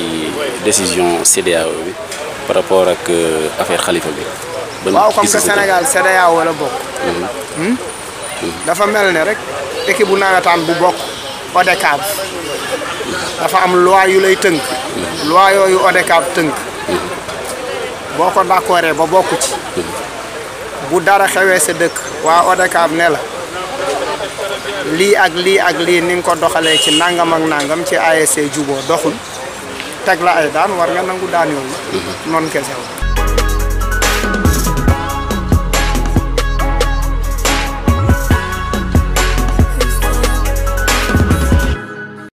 ci décision CEDEAO bi par rapport ak euh, affaire xalifa bi. ban waaw comme que Sénégal CEDEAO wala bokk. Mhm. Hmm? Mhm. dafa mel ne rek équipe bu nawetaan bu bokk ODCAV. dafa am loi yu lay tënk. Mhm. loi yooyu ODCAV tënk. boo ko d'accordé ba bokk ci. bu dara xewee sa dëkk. waa ODCAV ne la. lii ak lii ak lii ni nga ko doxalee ci nangam ak nangam ci ASC juboo doxul teg la ay daan war nga nangu daan yooyu mhm. noonu kese